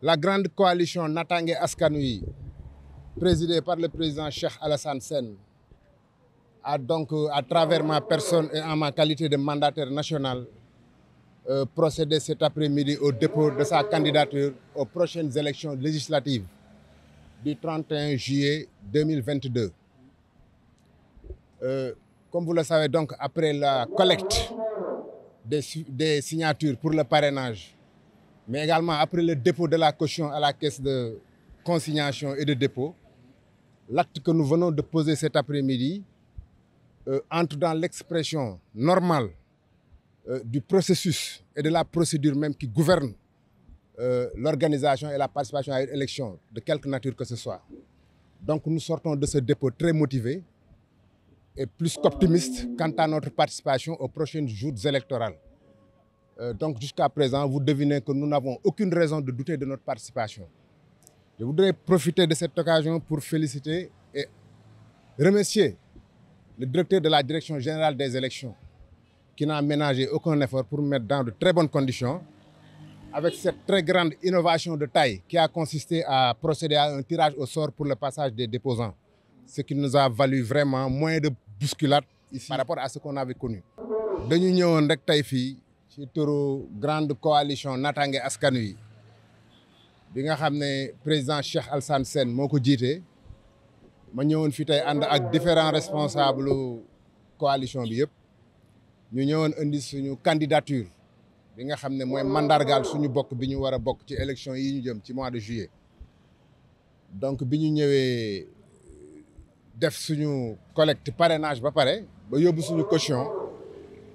la grande coalition Natangay Askanoui, présidée par le président Cheikh Alassane Sen, a donc à travers ma personne et en ma qualité de mandataire national euh, procédé cet après-midi au dépôt de sa candidature aux prochaines élections législatives du 31 juillet 2022. Euh, comme vous le savez donc, après la collecte des signatures pour le parrainage, mais également après le dépôt de la caution à la caisse de consignation et de dépôt, l'acte que nous venons de poser cet après-midi euh, entre dans l'expression normale euh, du processus et de la procédure même qui gouverne euh, l'organisation et la participation à une élection, de quelque nature que ce soit. Donc nous sortons de ce dépôt très motivés et plus qu'optimistes quant à notre participation aux prochaines joutes électorales. Euh, donc jusqu'à présent, vous devinez que nous n'avons aucune raison de douter de notre participation. Je voudrais profiter de cette occasion pour féliciter et remercier le directeur de la Direction générale des élections qui n'a ménagé aucun effort pour mettre dans de très bonnes conditions avec cette très grande innovation de taille qui a consisté à procéder à un tirage au sort pour le passage des déposants, ce qui nous a valu vraiment moins de ici par rapport à ce qu'on avait connu. Nous avons ci turu grande coalition naataange askan wi bi nga xam président Cheikh Alassane Sène moo ko jiite ma ñëwoon fi tey ànd ak différents responsables coalition bi yëpp ñu ñëwoon indi suñu candidature bi nga xam ne mooy mandargaal suñu bokk bi ñu war a bokk ci élection yi ñu jëm ci mois de juillet donc bi ñu ñëwee def suñu collecte parrainage ba pare ba yóbbu suñu caution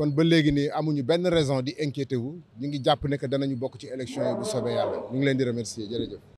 kon ba léegi nii amuñu benn raison di inquiété wu ñu ngi jàpp ne que danañu bokk ci élection yi bu soobee yàlla ñu ngi leen di remercier jërëjëf